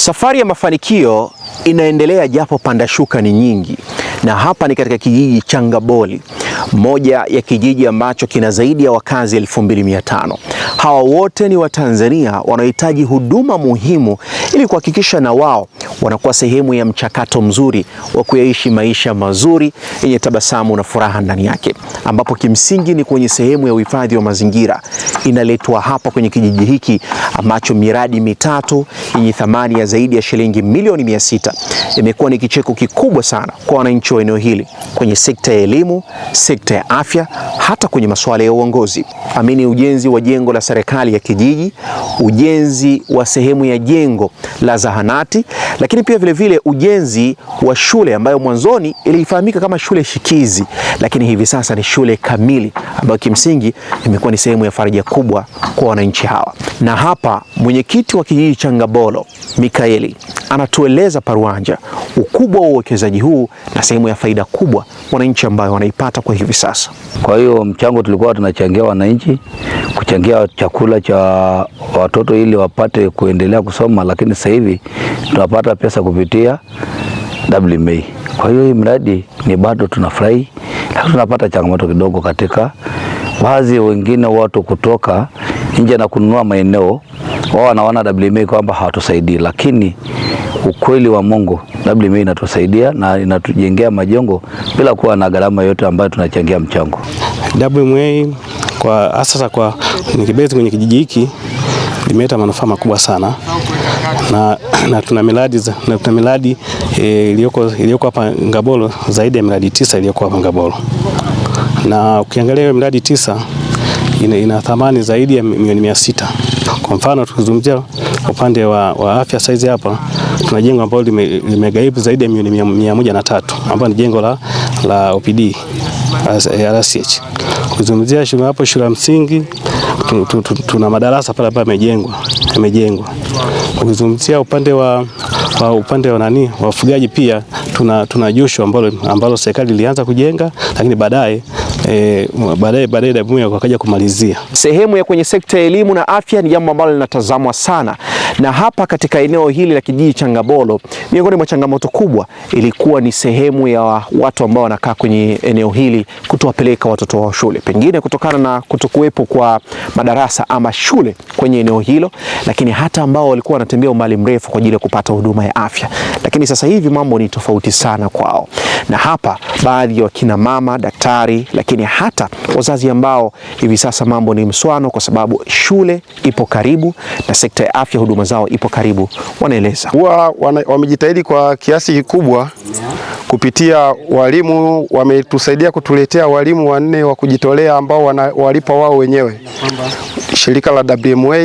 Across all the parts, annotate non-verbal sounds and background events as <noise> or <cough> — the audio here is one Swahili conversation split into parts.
Safari ya mafanikio inaendelea japo panda shuka ni nyingi, na hapa ni katika kijiji cha Ngaboli, moja ya kijiji ambacho kina zaidi ya wakazi 2500. Hawa wote ni Watanzania wanaohitaji huduma muhimu ili kuhakikisha na wao wanakuwa sehemu ya mchakato mzuri wa kuyaishi maisha mazuri yenye tabasamu na furaha ndani yake, ambapo kimsingi ni kwenye sehemu ya uhifadhi wa mazingira inaletwa hapa kwenye kijiji hiki ambacho miradi mitatu yenye thamani ya zaidi ya shilingi milioni mia sita imekuwa ni kicheko kikubwa sana kwa wananchi wa eneo hili kwenye sekta ya elimu, sekta ya afya, hata kwenye masuala ya uongozi. Amini ujenzi wa jengo la serikali ya kijiji, ujenzi wa sehemu ya jengo la zahanati, lakini pia vilevile vile ujenzi wa shule ambayo mwanzoni ilifahamika kama shule shikizi, lakini hivi sasa ni shule kamili ambayo kimsingi imekuwa ni sehemu ya faraja kubwa kwa wananchi hawa. Na hapa mwenyekiti wa kijiji cha Ngabolo Mikaeli anatueleza Paruanja ukubwa wa uwekezaji huu na sehemu ya faida kubwa wananchi ambayo wanaipata kwa hivi sasa. Kwa hiyo mchango tulikuwa tunachangia wananchi kuchangia chakula cha watoto ili wapate kuendelea kusoma, lakini sasa hivi tunapata pesa kupitia WMA. Kwa hiyo hii mradi ni bado tunafurahi, lakini tunapata changamoto kidogo katika baadhi wengine watu kutoka nje na kununua maeneo, wao wanaona WMA kwamba hawatusaidii, lakini ukweli wa Mungu, WMA inatusaidia na inatujengea majengo bila kuwa na gharama yote ambayo tunachangia mchango. WMA kwa asasa kwa nikibezi kwenye kijiji hiki imeleta manufaa makubwa sana na, na tuna miradi na tuna miradi eh, iliyoko e, iliyoko hapa Ngabolo zaidi ya miradi tisa iliyoko hapa Ngabolo na ukiangalia hiyo miradi tisa ina, ina thamani zaidi ya milioni mia sita. Kwa mfano tukizungumzia upande wa, wa afya saizi hapa tuna jengo ambalo limegharimu lime zaidi ya milioni mia moja na tatu ambalo ni jengo la, la OPD RCH. Kuzungumzia shule hapo, shule ya msingi tuna tu, tu, tu, madarasa pale ambayo yamejengwa yamejengwa. Ukizungumzia upande wa, wa upande wa nani wafugaji pia tuna, tuna josho ambalo, ambalo serikali ilianza kujenga lakini baadaye e, baadaye baadaye Damuya wakaja kumalizia sehemu ya kwenye sekta ya elimu na afya. Ni jambo ambalo linatazamwa sana, na hapa katika eneo hili la kijiji cha ngabolo miongoni mwa changamoto kubwa ilikuwa ni sehemu ya watu ambao wanakaa kwenye eneo hili kutowapeleka watoto wao shule, pengine kutokana na kutokuwepo kwa madarasa ama shule kwenye eneo hilo, lakini hata ambao walikuwa wanatembea umbali mrefu kwa ajili ya kupata huduma ya afya. Lakini sasa hivi mambo ni tofauti sana kwao, na hapa baadhi ya wakina mama daktari, lakini hata wazazi ambao hivi sasa mambo ni mswano, kwa sababu shule ipo karibu na sekta ya afya huduma zao ipo karibu, wanaeleza huwa wamejitahidi kwa kiasi kikubwa kupitia walimu. Wametusaidia kutuletea walimu wanne wa kujitolea ambao walipa wao wenyewe, shirika la WMA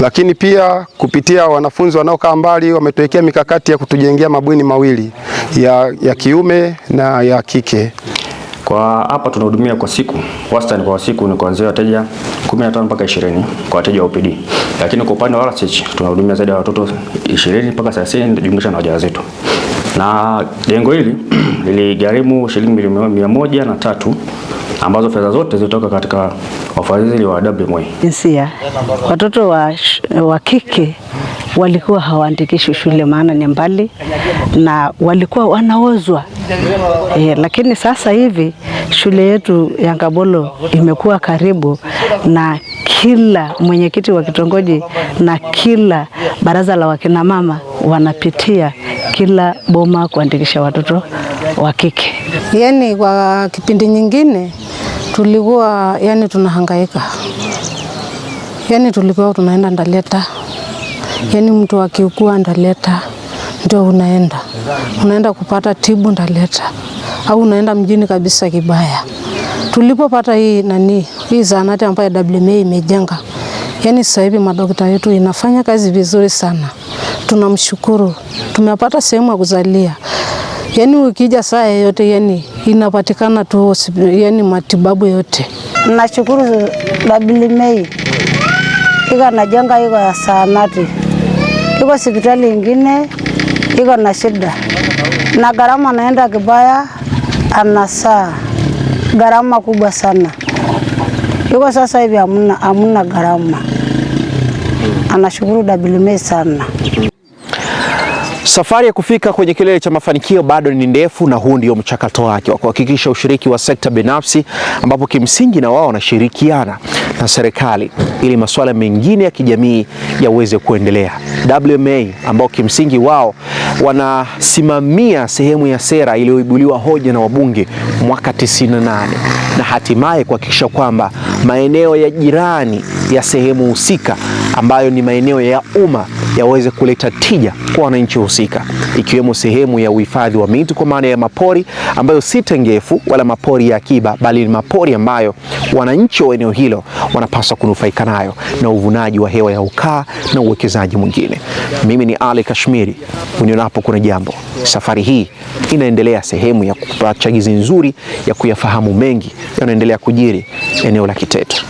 lakini pia kupitia wanafunzi wanaokaa mbali wametuwekea mikakati ya kutujengea mabweni mawili ya, ya kiume na ya kike. Kwa hapa tunahudumia kwa siku, wastani kwa siku ni kuanzia wateja 15 mpaka 20 kwa wateja wa OPD, lakini kwa upande wa RCH tunahudumia zaidi ya watoto 20 mpaka 30 jumlisha na wajawazito na jengo hili <clears throat> liligharimu shilingi milioni mia moja na tatu ambazo fedha zote zilitoka katika wafadhili wa WMA. Jinsia, watoto wa, wa kike walikuwa hawaandikishwi shule, maana ni mbali na walikuwa wanaozwa e, lakini sasa hivi shule yetu ya Ngabolo imekuwa karibu na kila mwenyekiti wa kitongoji na kila baraza la wakinamama wanapitia kila boma kuandikisha watoto wa kike. Yaani, kwa kipindi nyingine tulikuwa yani tunahangaika, yani tulikuwa tunaenda Ndaleta, yani mtu akiugua Ndaleta ndio unaenda unaenda kupata tibu Ndaleta, au unaenda mjini kabisa Kibaya. Tulipopata hii nani hii zahanati ambayo WMA imejenga, yani sasa hivi madokta yetu inafanya kazi vizuri sana, tunamshukuru. Tumepata sehemu ya kuzalia yani ukija saa yoyote yani inapatikana tu, yani matibabu yote. Nashukuru dabilimei iko najenga iko ya saanati iko hospitali ingine iko na shida na gharama naenda kibaya, ana saa gharama kubwa sana iko sasa hivi, amuna amuna gharama. Anashukuru dabilimei sana. Safari ya kufika kwenye kilele cha mafanikio bado ni ndefu, na huu ndio mchakato wake wa kuhakikisha ushiriki wa sekta binafsi, ambapo kimsingi na wao wanashirikiana na serikali ili masuala mengine ya kijamii yaweze kuendelea. WMA ambao kimsingi wao wanasimamia sehemu ya sera iliyoibuliwa hoja na wabunge mwaka 98 na hatimaye kuhakikisha kwamba maeneo ya jirani ya sehemu husika ambayo ni maeneo ya umma yaweze kuleta tija kwa wananchi husika, ikiwemo sehemu ya uhifadhi wa miti kwa maana ya mapori ambayo si tengefu wala mapori ya akiba, bali ni mapori ambayo wananchi wa eneo hilo wanapaswa kunufaika nayo na uvunaji wa hewa ya ukaa na uwekezaji mwingine. Mimi ni Ali Kashmiri, unionapo kuna jambo. Safari hii inaendelea sehemu ya kupata chagizi nzuri ya kuyafahamu mengi yanaendelea kujiri eneo la Kiteto.